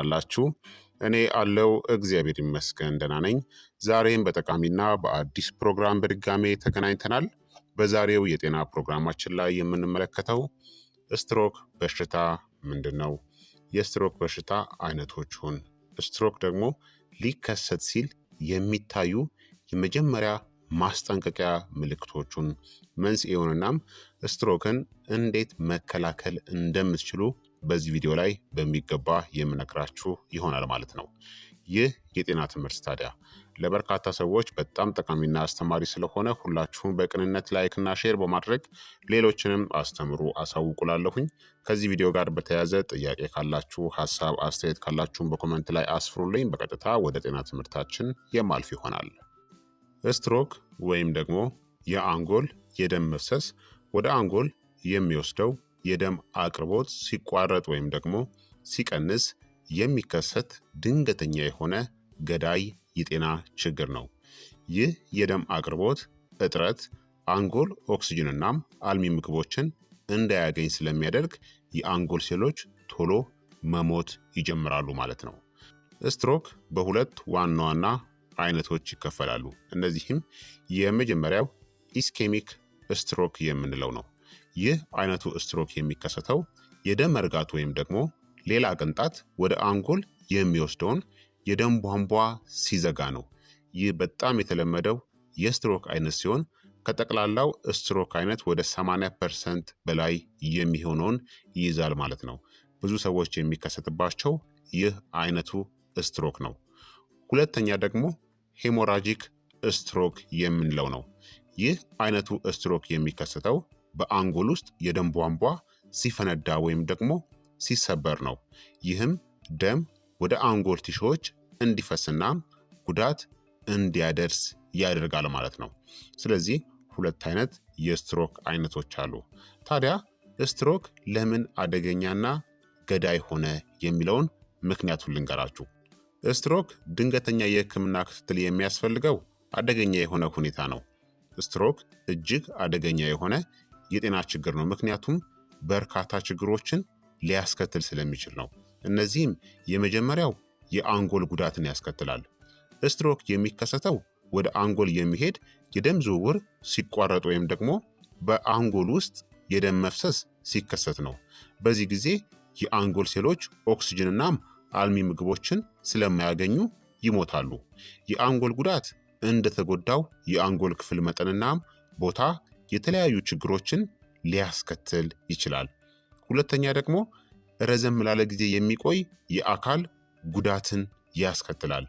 አላችሁ እኔ አለው እግዚአብሔር ይመስገን ደህና ነኝ። ዛሬም በጠቃሚና በአዲስ ፕሮግራም በድጋሜ ተገናኝተናል። በዛሬው የጤና ፕሮግራማችን ላይ የምንመለከተው ስትሮክ በሽታ ምንድን ነው፣ የስትሮክ በሽታ አይነቶቹን፣ ስትሮክ ደግሞ ሊከሰት ሲል የሚታዩ የመጀመሪያ ማስጠንቀቂያ ምልክቶቹን፣ መንስኤውንናም ስትሮክን እንዴት መከላከል እንደምትችሉ በዚህ ቪዲዮ ላይ በሚገባ የምነግራችሁ ይሆናል ማለት ነው። ይህ የጤና ትምህርት ታዲያ ለበርካታ ሰዎች በጣም ጠቃሚና አስተማሪ ስለሆነ ሁላችሁም በቅንነት ላይክና ሼር በማድረግ ሌሎችንም አስተምሩ አሳውቁላለሁኝ። ከዚህ ቪዲዮ ጋር በተያያዘ ጥያቄ ካላችሁ፣ ሀሳብ አስተያየት ካላችሁም በኮመንት ላይ አስፍሩልኝ። በቀጥታ ወደ ጤና ትምህርታችን የማልፍ ይሆናል። ስትሮክ ወይም ደግሞ የአንጎል የደም መፍሰስ ወደ አንጎል የሚወስደው የደም አቅርቦት ሲቋረጥ ወይም ደግሞ ሲቀንስ የሚከሰት ድንገተኛ የሆነ ገዳይ የጤና ችግር ነው። ይህ የደም አቅርቦት እጥረት አንጎል ኦክስጅንናም አልሚ ምግቦችን እንዳያገኝ ስለሚያደርግ የአንጎል ሴሎች ቶሎ መሞት ይጀምራሉ ማለት ነው። ስትሮክ በሁለት ዋና ዋና አይነቶች ይከፈላሉ። እነዚህም የመጀመሪያው ኢስኬሚክ ስትሮክ የምንለው ነው። ይህ አይነቱ ስትሮክ የሚከሰተው የደም መርጋት ወይም ደግሞ ሌላ ቅንጣት ወደ አንጎል የሚወስደውን የደም ቧንቧ ሲዘጋ ነው። ይህ በጣም የተለመደው የስትሮክ አይነት ሲሆን ከጠቅላላው ስትሮክ አይነት ወደ 80 ፐርሰንት በላይ የሚሆነውን ይይዛል ማለት ነው። ብዙ ሰዎች የሚከሰትባቸው ይህ አይነቱ ስትሮክ ነው። ሁለተኛ ደግሞ ሄሞራጂክ ስትሮክ የምንለው ነው። ይህ አይነቱ ስትሮክ የሚከሰተው በአንጎል ውስጥ የደም ቧንቧ ሲፈነዳ ወይም ደግሞ ሲሰበር ነው። ይህም ደም ወደ አንጎል ቲሾዎች እንዲፈስና ጉዳት እንዲያደርስ ያደርጋል ማለት ነው። ስለዚህ ሁለት አይነት የስትሮክ አይነቶች አሉ። ታዲያ ስትሮክ ለምን አደገኛና ገዳይ ሆነ የሚለውን ምክንያቱን ልንገራችሁ። ስትሮክ ድንገተኛ የህክምና ክትትል የሚያስፈልገው አደገኛ የሆነ ሁኔታ ነው። ስትሮክ እጅግ አደገኛ የሆነ የጤና ችግር ነው። ምክንያቱም በርካታ ችግሮችን ሊያስከትል ስለሚችል ነው። እነዚህም የመጀመሪያው የአንጎል ጉዳትን ያስከትላል። ስትሮክ የሚከሰተው ወደ አንጎል የሚሄድ የደም ዝውውር ሲቋረጥ ወይም ደግሞ በአንጎል ውስጥ የደም መፍሰስ ሲከሰት ነው። በዚህ ጊዜ የአንጎል ሴሎች ኦክስጅንናም አልሚ ምግቦችን ስለማያገኙ ይሞታሉ። የአንጎል ጉዳት እንደተጎዳው የአንጎል ክፍል መጠንናም ቦታ የተለያዩ ችግሮችን ሊያስከትል ይችላል። ሁለተኛ ደግሞ ረዘም ላለ ጊዜ የሚቆይ የአካል ጉዳትን ያስከትላል።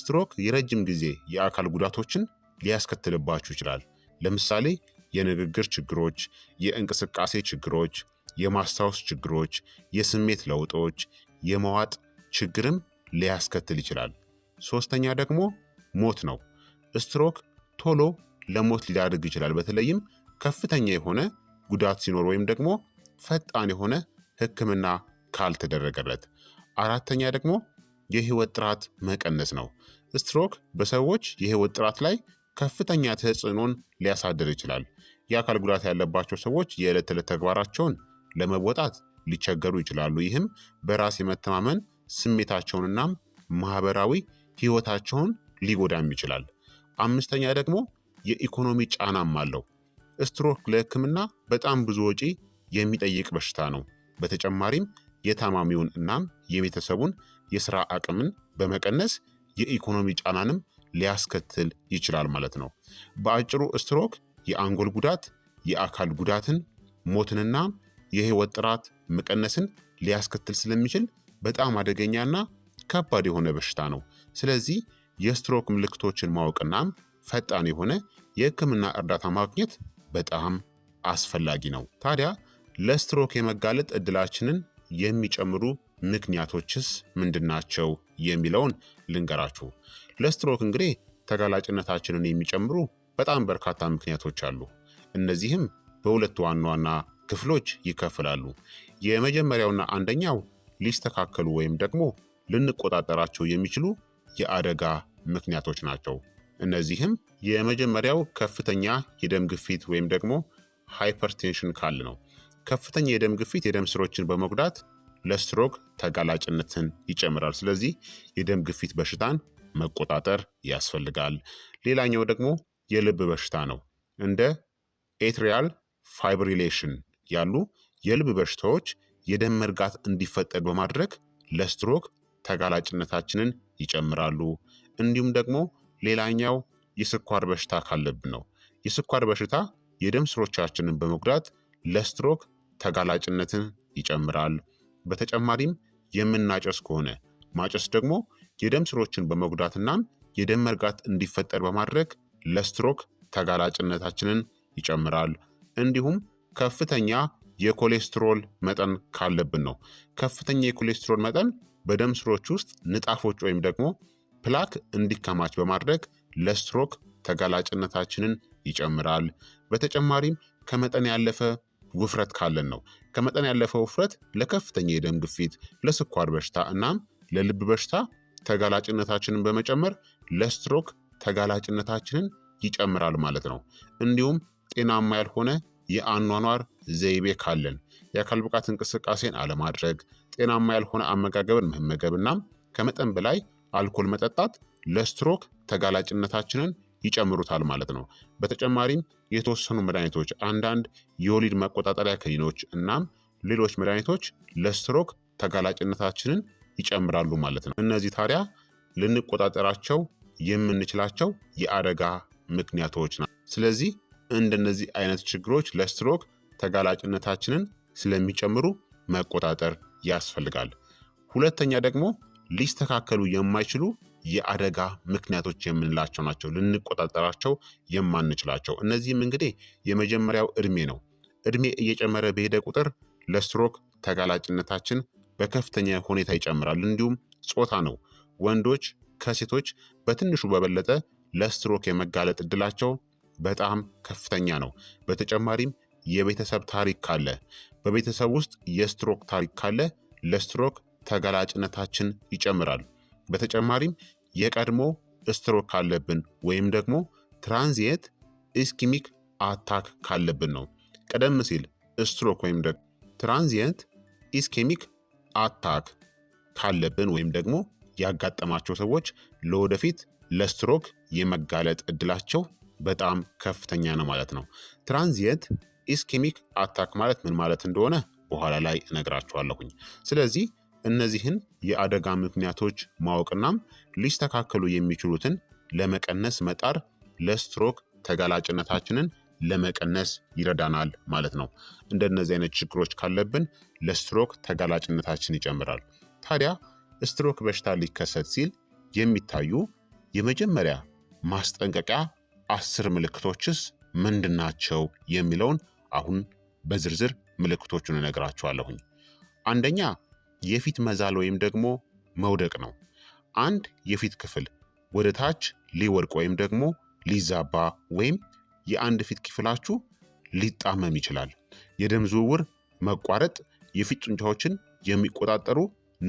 ስትሮክ የረጅም ጊዜ የአካል ጉዳቶችን ሊያስከትልባችሁ ይችላል። ለምሳሌ የንግግር ችግሮች፣ የእንቅስቃሴ ችግሮች፣ የማስታወስ ችግሮች፣ የስሜት ለውጦች፣ የመዋጥ ችግርም ሊያስከትል ይችላል። ሶስተኛ ደግሞ ሞት ነው። ስትሮክ ቶሎ ለሞት ሊዳርግ ይችላል። በተለይም ከፍተኛ የሆነ ጉዳት ሲኖር ወይም ደግሞ ፈጣን የሆነ ሕክምና ካልተደረገለት። አራተኛ ደግሞ የህይወት ጥራት መቀነስ ነው። ስትሮክ በሰዎች የህይወት ጥራት ላይ ከፍተኛ ተጽዕኖን ሊያሳድር ይችላል። የአካል ጉዳት ያለባቸው ሰዎች የዕለት ተዕለት ተግባራቸውን ለመወጣት ሊቸገሩ ይችላሉ። ይህም በራስ የመተማመን ስሜታቸውንና ማህበራዊ ህይወታቸውን ሊጎዳም ይችላል። አምስተኛ ደግሞ የኢኮኖሚ ጫናም አለው። ስትሮክ ለህክምና በጣም ብዙ ወጪ የሚጠይቅ በሽታ ነው። በተጨማሪም የታማሚውን እናም የቤተሰቡን የስራ አቅምን በመቀነስ የኢኮኖሚ ጫናንም ሊያስከትል ይችላል ማለት ነው። በአጭሩ ስትሮክ የአንጎል ጉዳት፣ የአካል ጉዳትን፣ ሞትንና የህይወት ጥራት መቀነስን ሊያስከትል ስለሚችል በጣም አደገኛና ከባድ የሆነ በሽታ ነው። ስለዚህ የስትሮክ ምልክቶችን ማወቅናም ፈጣን የሆነ የህክምና እርዳታ ማግኘት በጣም አስፈላጊ ነው። ታዲያ ለስትሮክ የመጋለጥ እድላችንን የሚጨምሩ ምክንያቶችስ ምንድናቸው? የሚለውን ልንገራችሁ። ለስትሮክ እንግዲህ ተጋላጭነታችንን የሚጨምሩ በጣም በርካታ ምክንያቶች አሉ። እነዚህም በሁለት ዋና ዋና ክፍሎች ይከፍላሉ። የመጀመሪያውና አንደኛው ሊስተካከሉ ወይም ደግሞ ልንቆጣጠራቸው የሚችሉ የአደጋ ምክንያቶች ናቸው። እነዚህም የመጀመሪያው ከፍተኛ የደም ግፊት ወይም ደግሞ ሃይፐርቴንሽን ካል ነው። ከፍተኛ የደም ግፊት የደም ስሮችን በመጉዳት ለስትሮክ ተጋላጭነትን ይጨምራል። ስለዚህ የደም ግፊት በሽታን መቆጣጠር ያስፈልጋል። ሌላኛው ደግሞ የልብ በሽታ ነው። እንደ ኤትሪያል ፋይብሪሌሽን ያሉ የልብ በሽታዎች የደም መርጋት እንዲፈጠር በማድረግ ለስትሮክ ተጋላጭነታችንን ይጨምራሉ። እንዲሁም ደግሞ ሌላኛው የስኳር በሽታ ካለብን ነው። የስኳር በሽታ የደም ስሮቻችንን በመጉዳት ለስትሮክ ተጋላጭነትን ይጨምራል። በተጨማሪም የምናጨስ ከሆነ ማጨስ ደግሞ የደም ስሮችን በመጉዳትና የደም መርጋት እንዲፈጠር በማድረግ ለስትሮክ ተጋላጭነታችንን ይጨምራል። እንዲሁም ከፍተኛ የኮሌስትሮል መጠን ካለብን ነው። ከፍተኛ የኮሌስትሮል መጠን በደም ስሮች ውስጥ ንጣፎች ወይም ደግሞ ፕላክ እንዲከማች በማድረግ ለስትሮክ ተጋላጭነታችንን ይጨምራል። በተጨማሪም ከመጠን ያለፈ ውፍረት ካለን ነው። ከመጠን ያለፈ ውፍረት ለከፍተኛ የደም ግፊት፣ ለስኳር በሽታ እናም ለልብ በሽታ ተጋላጭነታችንን በመጨመር ለስትሮክ ተጋላጭነታችንን ይጨምራል ማለት ነው። እንዲሁም ጤናማ ያልሆነ የአኗኗር ዘይቤ ካለን የአካል ብቃት እንቅስቃሴን አለማድረግ፣ ጤናማ ያልሆነ አመጋገብን መመገብ እናም ከመጠን በላይ አልኮል መጠጣት ለስትሮክ ተጋላጭነታችንን ይጨምሩታል ማለት ነው። በተጨማሪም የተወሰኑ መድኃኒቶች፣ አንዳንድ የወሊድ መቆጣጠሪያ ክኒኖች እናም ሌሎች መድኃኒቶች ለስትሮክ ተጋላጭነታችንን ይጨምራሉ ማለት ነው። እነዚህ ታዲያ ልንቆጣጠራቸው የምንችላቸው የአደጋ ምክንያቶች ናቸው። ስለዚህ እንደነዚህ አይነት ችግሮች ለስትሮክ ተጋላጭነታችንን ስለሚጨምሩ መቆጣጠር ያስፈልጋል። ሁለተኛ ደግሞ ሊስተካከሉ የማይችሉ የአደጋ ምክንያቶች የምንላቸው ናቸው። ልንቆጣጠራቸው የማንችላቸው እነዚህም እንግዲህ የመጀመሪያው እድሜ ነው። እድሜ እየጨመረ በሄደ ቁጥር ለስትሮክ ተጋላጭነታችን በከፍተኛ ሁኔታ ይጨምራል። እንዲሁም ጾታ ነው። ወንዶች ከሴቶች በትንሹ በበለጠ ለስትሮክ የመጋለጥ እድላቸው በጣም ከፍተኛ ነው። በተጨማሪም የቤተሰብ ታሪክ ካለ፣ በቤተሰብ ውስጥ የስትሮክ ታሪክ ካለ ለስትሮክ ተጋላጭነታችን ይጨምራል። በተጨማሪም የቀድሞ ስትሮክ ካለብን ወይም ደግሞ ትራንዚየት ኢስኪሚክ አታክ ካለብን ነው። ቀደም ሲል ስትሮክ ወይም ደግሞ ትራንዚየንት ኢስኬሚክ አታክ ካለብን ወይም ደግሞ ያጋጠማቸው ሰዎች ለወደፊት ለስትሮክ የመጋለጥ እድላቸው በጣም ከፍተኛ ነው ማለት ነው። ትራንዚየንት ኢስኬሚክ አታክ ማለት ምን ማለት እንደሆነ በኋላ ላይ እነግራችኋለሁኝ። ስለዚህ እነዚህን የአደጋ ምክንያቶች ማወቅናም ሊስተካከሉ የሚችሉትን ለመቀነስ መጣር ለስትሮክ ተጋላጭነታችንን ለመቀነስ ይረዳናል ማለት ነው። እንደነዚህ አይነት ችግሮች ካለብን ለስትሮክ ተጋላጭነታችን ይጨምራል። ታዲያ ስትሮክ በሽታ ሊከሰት ሲል የሚታዩ የመጀመሪያ ማስጠንቀቂያ አስር ምልክቶችስ ምንድን ናቸው የሚለውን አሁን በዝርዝር ምልክቶቹን እነግራችኋለሁኝ። አንደኛ የፊት መዛል ወይም ደግሞ መውደቅ ነው። አንድ የፊት ክፍል ወደ ታች ሊወድቅ ወይም ደግሞ ሊዛባ ወይም የአንድ ፊት ክፍላችሁ ሊጣመም ይችላል። የደም ዝውውር መቋረጥ የፊት ጡንቻዎችን የሚቆጣጠሩ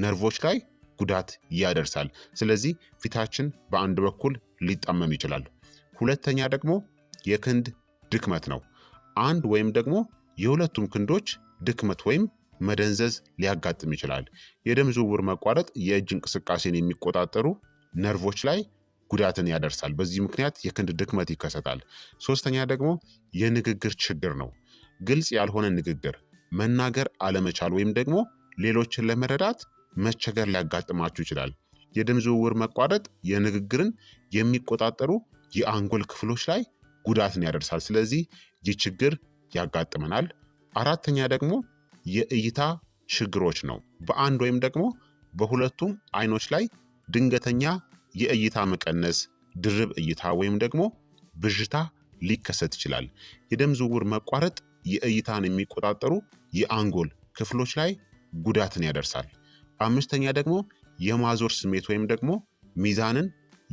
ነርቮች ላይ ጉዳት ያደርሳል። ስለዚህ ፊታችን በአንድ በኩል ሊጣመም ይችላል። ሁለተኛ ደግሞ የክንድ ድክመት ነው። አንድ ወይም ደግሞ የሁለቱም ክንዶች ድክመት ወይም መደንዘዝ ሊያጋጥም ይችላል። የደም ዝውውር መቋረጥ የእጅ እንቅስቃሴን የሚቆጣጠሩ ነርቮች ላይ ጉዳትን ያደርሳል። በዚህ ምክንያት የክንድ ድክመት ይከሰታል። ሶስተኛ ደግሞ የንግግር ችግር ነው። ግልጽ ያልሆነ ንግግር መናገር አለመቻል ወይም ደግሞ ሌሎችን ለመረዳት መቸገር ሊያጋጥማችሁ ይችላል። የደም ዝውውር መቋረጥ የንግግርን የሚቆጣጠሩ የአንጎል ክፍሎች ላይ ጉዳትን ያደርሳል። ስለዚህ ይህ ችግር ያጋጥመናል። አራተኛ ደግሞ የእይታ ችግሮች ነው። በአንድ ወይም ደግሞ በሁለቱም አይኖች ላይ ድንገተኛ የእይታ መቀነስ፣ ድርብ እይታ ወይም ደግሞ ብዥታ ሊከሰት ይችላል። የደም ዝውውር መቋረጥ የእይታን የሚቆጣጠሩ የአንጎል ክፍሎች ላይ ጉዳትን ያደርሳል። አምስተኛ ደግሞ የማዞር ስሜት ወይም ደግሞ ሚዛንን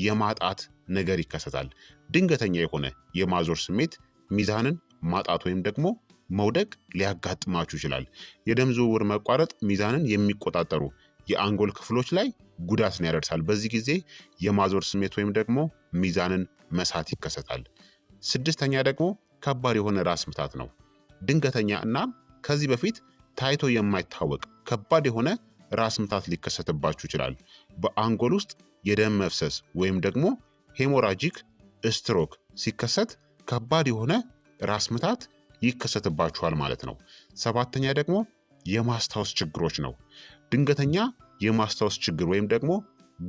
የማጣት ነገር ይከሰታል። ድንገተኛ የሆነ የማዞር ስሜት ሚዛንን ማጣት ወይም ደግሞ መውደቅ ሊያጋጥማችሁ ይችላል። የደም ዝውውር መቋረጥ ሚዛንን የሚቆጣጠሩ የአንጎል ክፍሎች ላይ ጉዳትን ያደርሳል። በዚህ ጊዜ የማዞር ስሜት ወይም ደግሞ ሚዛንን መሳት ይከሰታል። ስድስተኛ ደግሞ ከባድ የሆነ ራስ ምታት ነው። ድንገተኛ እና ከዚህ በፊት ታይቶ የማይታወቅ ከባድ የሆነ ራስ ምታት ሊከሰትባችሁ ይችላል። በአንጎል ውስጥ የደም መፍሰስ ወይም ደግሞ ሄሞራጂክ ስትሮክ ሲከሰት ከባድ የሆነ ራስ ምታት ይከሰትባችኋል ማለት ነው። ሰባተኛ ደግሞ የማስታወስ ችግሮች ነው። ድንገተኛ የማስታወስ ችግር ወይም ደግሞ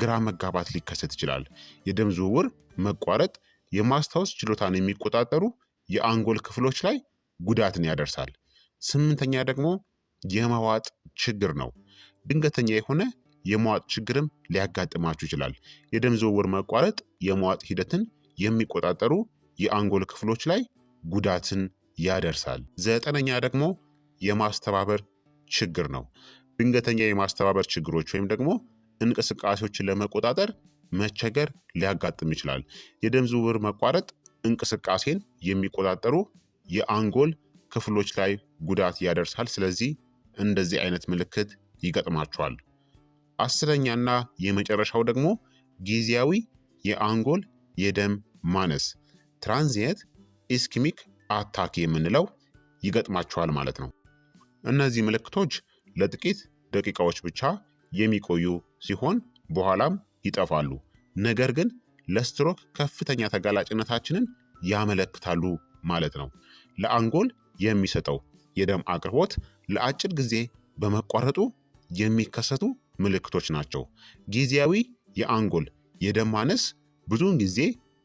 ግራ መጋባት ሊከሰት ይችላል። የደም ዝውውር መቋረጥ የማስታወስ ችሎታን የሚቆጣጠሩ የአንጎል ክፍሎች ላይ ጉዳትን ያደርሳል። ስምንተኛ ደግሞ የመዋጥ ችግር ነው። ድንገተኛ የሆነ የመዋጥ ችግርም ሊያጋጥማችሁ ይችላል። የደም ዝውውር መቋረጥ የመዋጥ ሂደትን የሚቆጣጠሩ የአንጎል ክፍሎች ላይ ጉዳትን ያደርሳል። ዘጠነኛ ደግሞ የማስተባበር ችግር ነው። ድንገተኛ የማስተባበር ችግሮች ወይም ደግሞ እንቅስቃሴዎችን ለመቆጣጠር መቸገር ሊያጋጥም ይችላል። የደም ዝውውር መቋረጥ እንቅስቃሴን የሚቆጣጠሩ የአንጎል ክፍሎች ላይ ጉዳት ያደርሳል። ስለዚህ እንደዚህ አይነት ምልክት ይገጥማቸዋል። አስረኛና የመጨረሻው ደግሞ ጊዜያዊ የአንጎል የደም ማነስ ትራንዚየንት ኢስኪሚክ አታክ የምንለው ይገጥማቸዋል ማለት ነው። እነዚህ ምልክቶች ለጥቂት ደቂቃዎች ብቻ የሚቆዩ ሲሆን በኋላም ይጠፋሉ። ነገር ግን ለስትሮክ ከፍተኛ ተጋላጭነታችንን ያመለክታሉ ማለት ነው። ለአንጎል የሚሰጠው የደም አቅርቦት ለአጭር ጊዜ በመቋረጡ የሚከሰቱ ምልክቶች ናቸው። ጊዜያዊ የአንጎል የደም ማነስ ብዙውን ጊዜ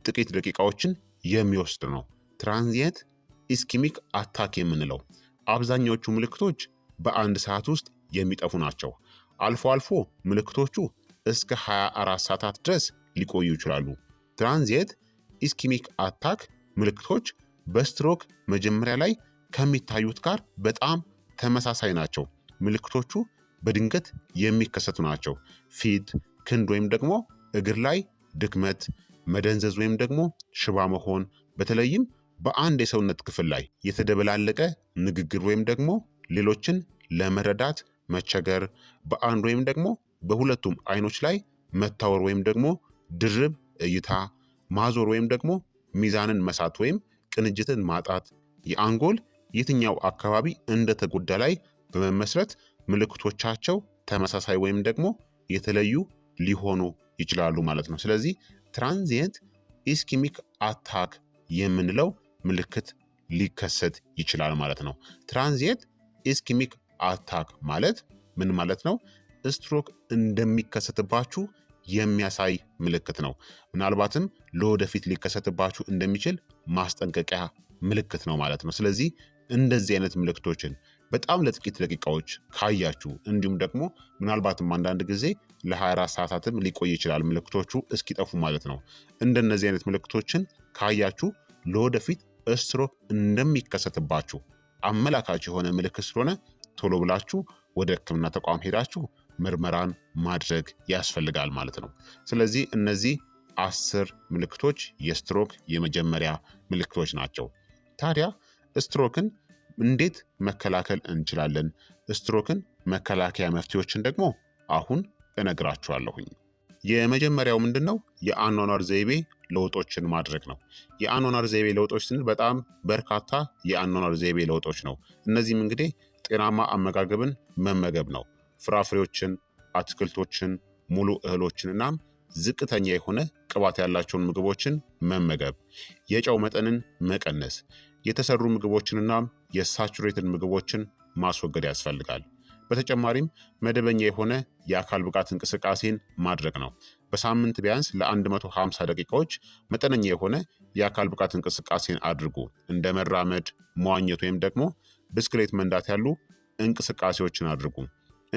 ጥቂት ደቂቃዎችን የሚወስድ ነው። ትራንዚየንት ኢስኪሚክ አታክ የምንለው አብዛኛዎቹ ምልክቶች በአንድ ሰዓት ውስጥ የሚጠፉ ናቸው። አልፎ አልፎ ምልክቶቹ እስከ 24 ሰዓታት ድረስ ሊቆዩ ይችላሉ። ትራንዚየት ኢስኪሚክ አታክ ምልክቶች በስትሮክ መጀመሪያ ላይ ከሚታዩት ጋር በጣም ተመሳሳይ ናቸው። ምልክቶቹ በድንገት የሚከሰቱ ናቸው። ፊት፣ ክንድ ወይም ደግሞ እግር ላይ ድክመት፣ መደንዘዝ ወይም ደግሞ ሽባ መሆን በተለይም በአንድ የሰውነት ክፍል ላይ የተደበላለቀ ንግግር ወይም ደግሞ ሌሎችን ለመረዳት መቸገር፣ በአንድ ወይም ደግሞ በሁለቱም አይኖች ላይ መታወር ወይም ደግሞ ድርብ እይታ ማዞር ወይም ደግሞ ሚዛንን መሳት ወይም ቅንጅትን ማጣት የአንጎል የትኛው አካባቢ እንደተጎዳ ላይ በመመስረት ምልክቶቻቸው ተመሳሳይ ወይም ደግሞ የተለዩ ሊሆኑ ይችላሉ ማለት ነው። ስለዚህ ትራንዚየንት ኢስኪሚክ አታክ የምንለው ምልክት ሊከሰት ይችላል ማለት ነው። ትራንዚየንት ኢስኪሚክ አታክ ማለት ምን ማለት ነው? ስትሮክ እንደሚከሰትባችሁ የሚያሳይ ምልክት ነው። ምናልባትም ለወደፊት ሊከሰትባችሁ እንደሚችል ማስጠንቀቂያ ምልክት ነው ማለት ነው። ስለዚህ እንደዚህ አይነት ምልክቶችን በጣም ለጥቂት ደቂቃዎች ካያችሁ እንዲሁም ደግሞ ምናልባትም አንዳንድ ጊዜ ለ24 ሰዓታትም ሊቆይ ይችላል ምልክቶቹ እስኪጠፉ ማለት ነው። እንደነዚህ አይነት ምልክቶችን ካያችሁ ለወደፊት እስትሮክ እንደሚከሰትባችሁ አመላካች የሆነ ምልክት ስለሆነ ቶሎ ብላችሁ ወደ ሕክምና ተቋም ሄዳችሁ ምርመራን ማድረግ ያስፈልጋል ማለት ነው። ስለዚህ እነዚህ አስር ምልክቶች የስትሮክ የመጀመሪያ ምልክቶች ናቸው። ታዲያ ስትሮክን እንዴት መከላከል እንችላለን? ስትሮክን መከላከያ መፍትሄዎችን ደግሞ አሁን እነግራችኋለሁኝ። የመጀመሪያው ምንድን ነው? የአኗኗር ዘይቤ ለውጦችን ማድረግ ነው። የአኗኗር ዘይቤ ለውጦች ስንል በጣም በርካታ የአኗኗር ዘይቤ ለውጦች ነው። እነዚህም እንግዲህ ጤናማ አመጋገብን መመገብ ነው። ፍራፍሬዎችን፣ አትክልቶችን፣ ሙሉ እህሎችን እናም ዝቅተኛ የሆነ ቅባት ያላቸውን ምግቦችን መመገብ፣ የጨው መጠንን መቀነስ፣ የተሰሩ ምግቦችንና የሳቹሬትን ምግቦችን ማስወገድ ያስፈልጋል። በተጨማሪም መደበኛ የሆነ የአካል ብቃት እንቅስቃሴን ማድረግ ነው። በሳምንት ቢያንስ ለ150 ደቂቃዎች መጠነኛ የሆነ የአካል ብቃት እንቅስቃሴን አድርጉ። እንደ መራመድ፣ መዋኘት ወይም ደግሞ ብስክሌት መንዳት ያሉ እንቅስቃሴዎችን አድርጉ።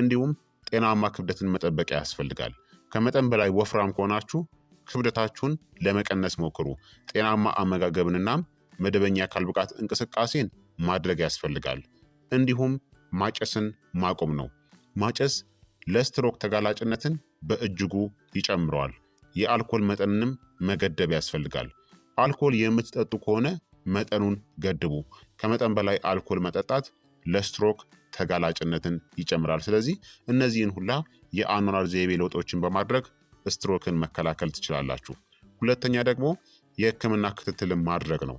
እንዲሁም ጤናማ ክብደትን መጠበቅ ያስፈልጋል። ከመጠን በላይ ወፍራም ከሆናችሁ ክብደታችሁን ለመቀነስ ሞክሩ። ጤናማ አመጋገብንና መደበኛ የአካል ብቃት እንቅስቃሴን ማድረግ ያስፈልጋል። እንዲሁም ማጨስን ማቆም ነው። ማጨስ ለስትሮክ ተጋላጭነትን በእጅጉ ይጨምረዋል። የአልኮል መጠንንም መገደብ ያስፈልጋል። አልኮል የምትጠጡ ከሆነ መጠኑን ገድቡ። ከመጠን በላይ አልኮል መጠጣት ለስትሮክ ተጋላጭነትን ይጨምራል። ስለዚህ እነዚህን ሁላ የአኗኗር ዘይቤ ለውጦችን በማድረግ ስትሮክን መከላከል ትችላላችሁ። ሁለተኛ ደግሞ የህክምና ክትትልን ማድረግ ነው።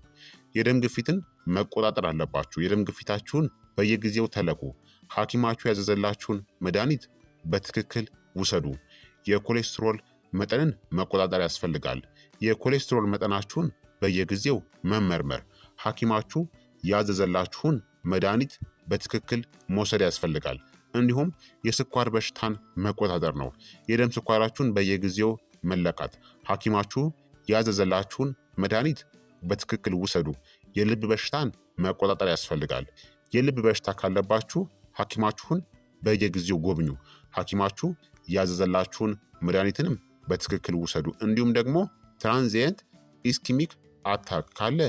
የደም ግፊትን መቆጣጠር አለባችሁ። የደም ግፊታችሁን በየጊዜው ተለኩ። ሐኪማችሁ ያዘዘላችሁን መድኃኒት በትክክል ውሰዱ። የኮሌስትሮል መጠንን መቆጣጠር ያስፈልጋል። የኮሌስትሮል መጠናችሁን በየጊዜው መመርመር፣ ሐኪማችሁ ያዘዘላችሁን መድኃኒት በትክክል መውሰድ ያስፈልጋል። እንዲሁም የስኳር በሽታን መቆጣጠር ነው። የደም ስኳራችሁን በየጊዜው መለካት፣ ሐኪማችሁ ያዘዘላችሁን መድኃኒት በትክክል ውሰዱ። የልብ በሽታን መቆጣጠር ያስፈልጋል። የልብ በሽታ ካለባችሁ ሐኪማችሁን በየጊዜው ጎብኙ። ሐኪማችሁ ያዘዘላችሁን መድኃኒትንም በትክክል ውሰዱ። እንዲሁም ደግሞ ትራንዚየንት ኢስኪሚክ አታክ ካለ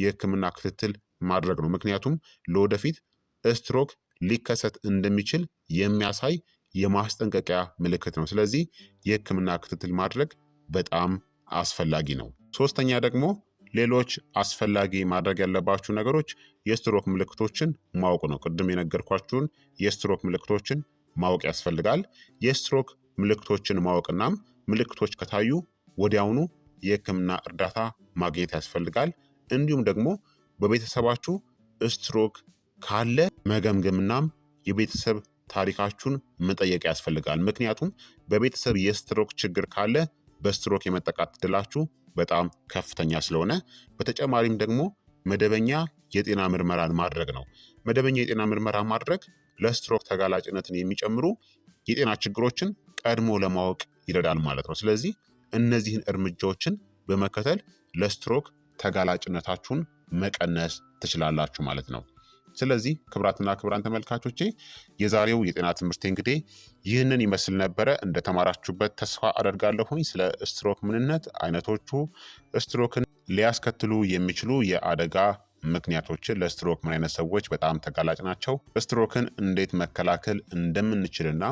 የህክምና ክትትል ማድረግ ነው። ምክንያቱም ለወደፊት ስትሮክ ሊከሰት እንደሚችል የሚያሳይ የማስጠንቀቂያ ምልክት ነው። ስለዚህ የህክምና ክትትል ማድረግ በጣም አስፈላጊ ነው። ሶስተኛ ደግሞ ሌሎች አስፈላጊ ማድረግ ያለባችሁ ነገሮች የስትሮክ ምልክቶችን ማወቅ ነው። ቅድም የነገርኳችሁን የስትሮክ ምልክቶችን ማወቅ ያስፈልጋል። የስትሮክ ምልክቶችን ማወቅናም ምልክቶች ከታዩ ወዲያውኑ የህክምና እርዳታ ማግኘት ያስፈልጋል። እንዲሁም ደግሞ በቤተሰባችሁ ስትሮክ ካለ መገምገምናም የቤተሰብ ታሪካችሁን መጠየቅ ያስፈልጋል። ምክንያቱም በቤተሰብ የስትሮክ ችግር ካለ በስትሮክ የመጠቃት ዕድላችሁ በጣም ከፍተኛ ስለሆነ በተጨማሪም ደግሞ መደበኛ የጤና ምርመራን ማድረግ ነው። መደበኛ የጤና ምርመራ ማድረግ ለስትሮክ ተጋላጭነትን የሚጨምሩ የጤና ችግሮችን ቀድሞ ለማወቅ ይረዳል ማለት ነው። ስለዚህ እነዚህን እርምጃዎችን በመከተል ለስትሮክ ተጋላጭነታችሁን መቀነስ ትችላላችሁ ማለት ነው። ስለዚህ ክብራትና ክብራን ተመልካቾቼ የዛሬው የጤና ትምህርት እንግዲህ ይህንን ይመስል ነበረ። እንደተማራችሁበት ተስፋ አደርጋለሁኝ። ስለ ስትሮክ ምንነት፣ አይነቶቹ፣ ስትሮክን ሊያስከትሉ የሚችሉ የአደጋ ምክንያቶችን፣ ለስትሮክ ምን አይነት ሰዎች በጣም ተጋላጭ ናቸው፣ ስትሮክን እንዴት መከላከል እንደምንችልና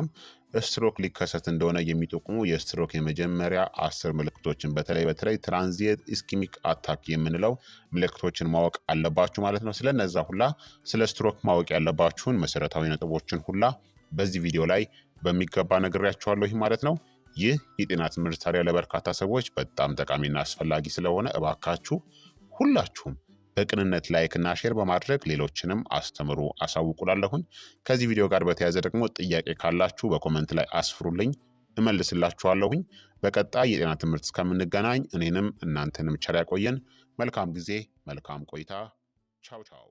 ስትሮክ ሊከሰት እንደሆነ የሚጠቁሙ የስትሮክ የመጀመሪያ አስር ምልክቶችን በተለይ በተለይ ትራንዚየንት ኢስኪሚክ አታክ የምንለው ምልክቶችን ማወቅ አለባችሁ ማለት ነው። ስለነዛ ሁላ ስለ ስትሮክ ማወቅ ያለባችሁን መሰረታዊ ነጥቦችን ሁላ በዚህ ቪዲዮ ላይ በሚገባ ነግሬያችኋለሁ ይህ ማለት ነው። ይህ የጤና ትምህርት ታዲያ ለበርካታ ሰዎች በጣም ጠቃሚና አስፈላጊ ስለሆነ እባካችሁ ሁላችሁም በቅንነት ላይክ እና ሼር በማድረግ ሌሎችንም አስተምሩ አሳውቁላለሁኝ። ከዚህ ቪዲዮ ጋር በተያያዘ ደግሞ ጥያቄ ካላችሁ በኮመንት ላይ አስፍሩልኝ እመልስላችኋለሁኝ። በቀጣይ የጤና ትምህርት እስከምንገናኝ እኔንም እናንተንም ቸር ያቆየን። መልካም ጊዜ፣ መልካም ቆይታ። ቻው ቻው።